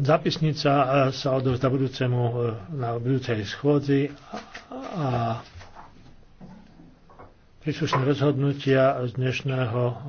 Zapisnica sa odovzdá budúcemu, na budúcej schôdzi a príslušné rozhodnutia z dnešného